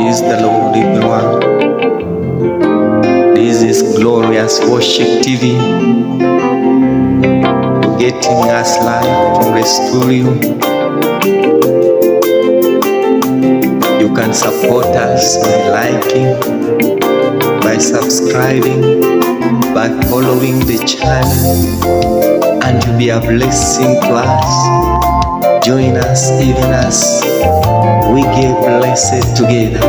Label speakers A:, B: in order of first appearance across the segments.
A: Praise the Lord everyone. This is Glorious Worship TV. Getting us live from the studio. You can support us by liking, by subscribing, by following the channel, and to be a blessing to us. Join us, even us we get blessed together.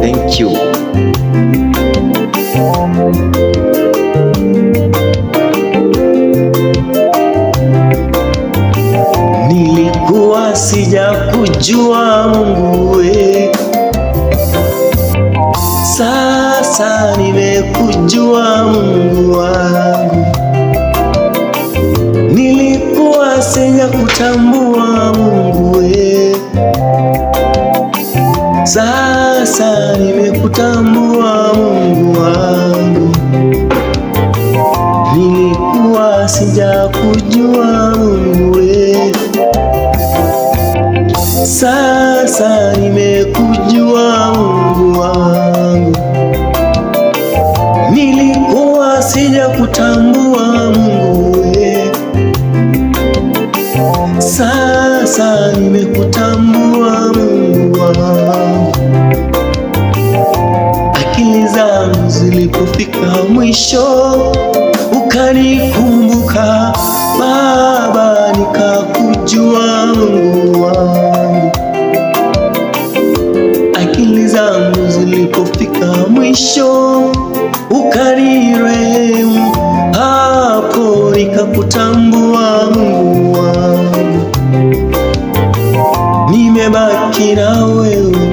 A: Thank you.
B: Nilikuwa sijakujua Mungu Sasa তা nimebaki na wewe,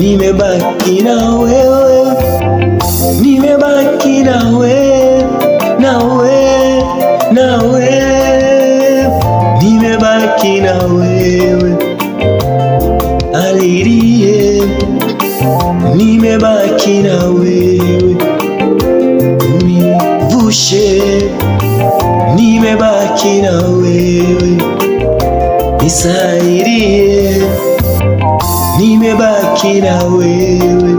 B: nimebaki na wewe, nimebaki na wewe, na wewe, na wewe, nimebaki na wewe alirie, nimebaki na wewe, univushe, nimebaki na wewe nisairie nimebaki na wewe,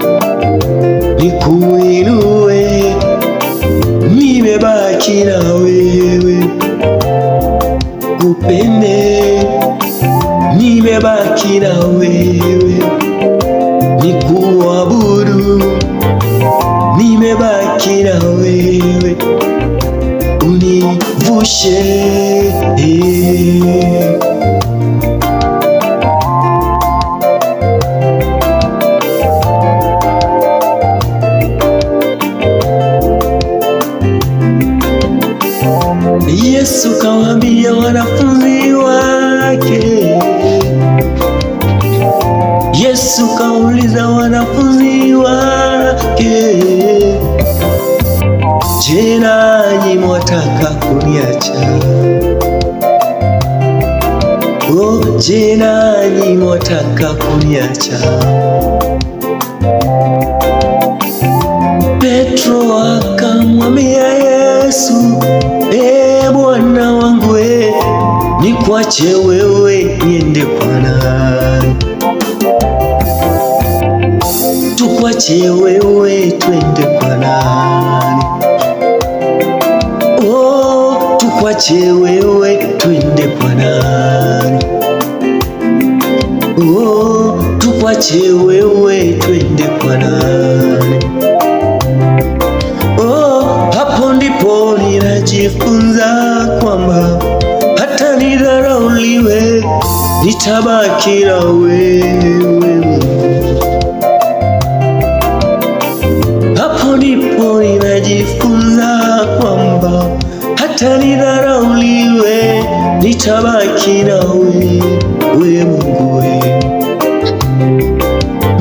B: nikuinue, nimebaki na wewe, upende nimebaki na wewe, nikuabudu, nimebaki na wewe, univushe Je, nanyi mwataka kuniacha? Oh, je, nanyi mwataka kuniacha? Petro akamwambia Yesu, e Bwana wangu, e, wewe niende kwa nani? tuache wewe, twende kwa nani? Oh, tukwache wewe, twende kwa nani? Oh, tukwache wewe, twende kwa nani? Oh, hapo ndipo ninajifunza kwamba hata nidharauliwe, nitabaki utabaki nawe we Mungu we,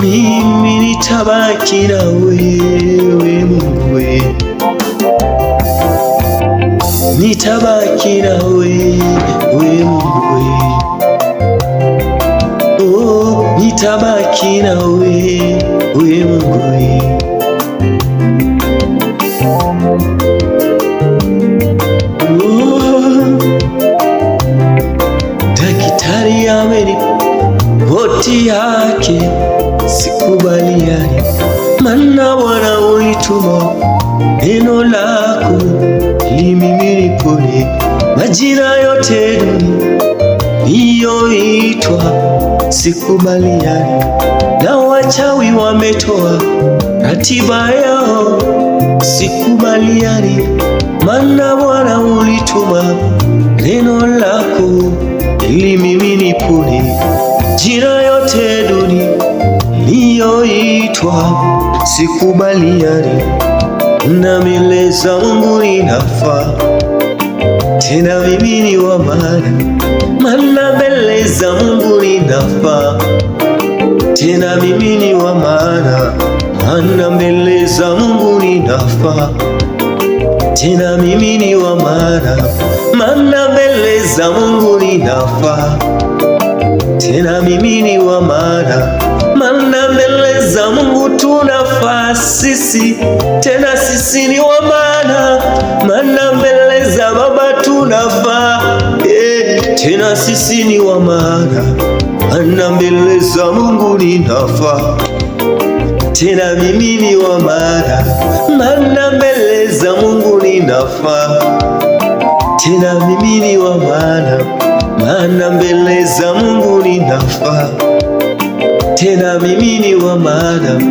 B: mimi nitabaki nawe we Mungu we, nitabaki nawe we Mungu we, oh nitabaki nawe we Mungu we wake sikubaliani, mana wanaoituma neno lako limimini pole majina yote niyoitwa sikubaliani, na wachawi wametoa ratiba yao sikubaliani, mana Bwana ulituma neno lako limimini pole jina yote duni niliyoitwa, sikubaliani na mile zangu inafa tena, mimi ni wa maana, maana mbele za Mungu ninafaa tena, mimi ni wa maana, maana mbele za Mungu ninafaa tena, mimi ni wa maana, maana mbele za Mungu ninafaa tena mimi ni wa maana, maana mbele za Mungu tunafaa sisi, tena sisi ni wa maana, maana mbele za Baba tunafaa eh, tena sisi ni wa maana, maana mbele za Mungu ninafaa tena mimi ni wa maana, maana mbele za Mungu ninafaa tena mimi ni wa maana maana mbele za Mungu ninafaa, tena mimi ni wa maana,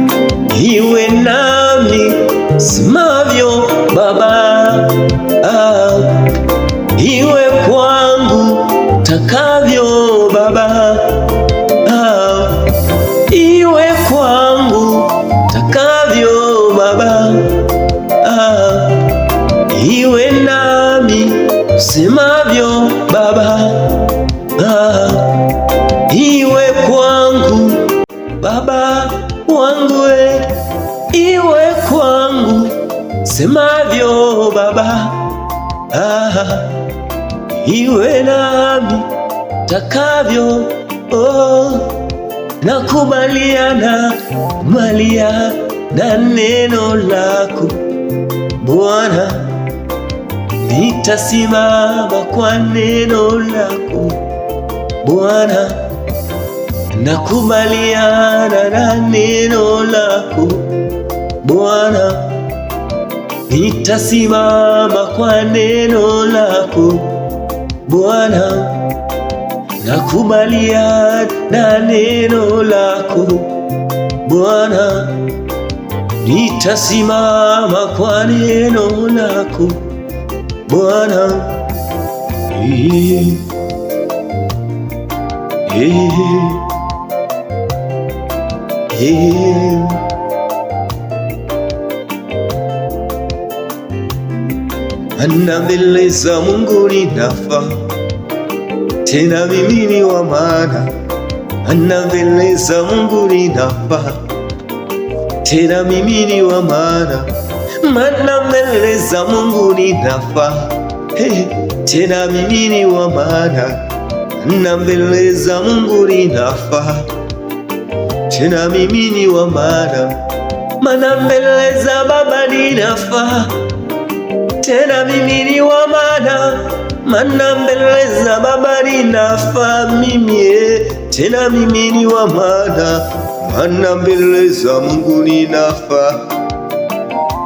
B: iwe nami simavyo Baba ah, iwe mwamba wangu iwe kwangu semavyo Baba, ah, iwe nami takavyo, oh, nakubaliana malia na neno lako Bwana, nitasimama kwa neno lako Bwana nakubaliana na neno lako Bwana, nitasimama kwa neno lako Bwana, nakubaliana na neno lako Bwana, nitasimama kwa neno lako Bwana. Hey, eh, eh. hey, yeah. Na mbele za Mungu tena mimi ni wa maana. Na mbele za Mungu ninafaa, tena mimi ni wa maana. Mana mbele za Mungu ninafaa, tena mimi ni wa maana. Na mbele za Mungu ninafaa tena mimi ni wa maana, mana mbele za Baba ninafaa. Tena mimi ni wa maana, mana mbele za Baba ninafaa mimi eh. Tena mimi ni wa maana, mana mbele za Mungu ninafaa.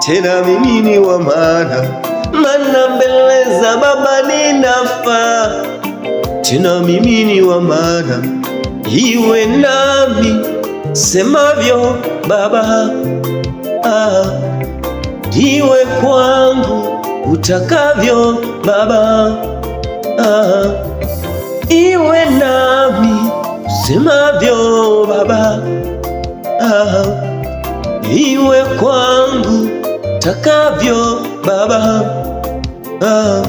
B: Tena mimi ni wa maana, mana mbele za Baba ninafaa. Tena mimi ni wa maana, iwe nami semavyo Baba, ah, iwe kwangu utakavyo Baba, ah, iwe nami semavyo Baba, ah, iwe kwangu takavyo Baba, ah,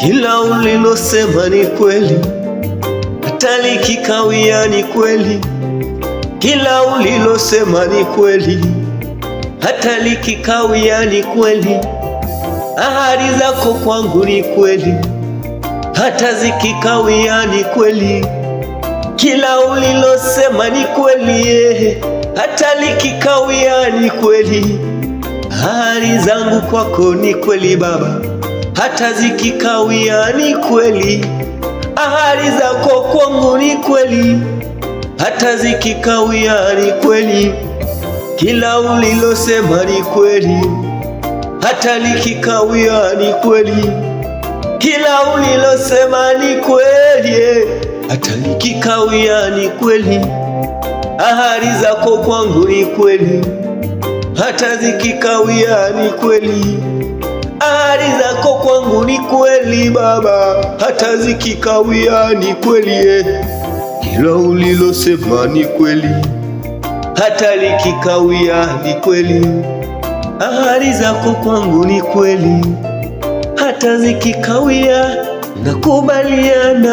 B: kila ulilosema ni kweli, hata likikawia ni kweli kila ulilosema ni kweli, hata likikawia ni kweli. Ahadi zako kwangu ni kweli, hata zikikawia ni kweli. Kila ulilosema ni kweli, hata likikawia ni kweli. Ahadi zangu kwako ni kweli Baba, hata zikikawia ni kweli. Ahadi zako kwangu ni kweli hata zikikawia ni kweli, kila ulilosema ni kweli, hata likikawia ni kweli, kila ulilosema ni kweli, hata likikawia ni kweli, ahadi zako kwangu ni kweli, hata zikikawia ni kweli ahadi zako kwangu ni kweli Baba, hata zikikawia ni kweli eh. Hilo ulilosema ni kweli, hata likikawia ni kweli. Ahadi zako kwangu ni kweli, hata zikikawia nakubaliana.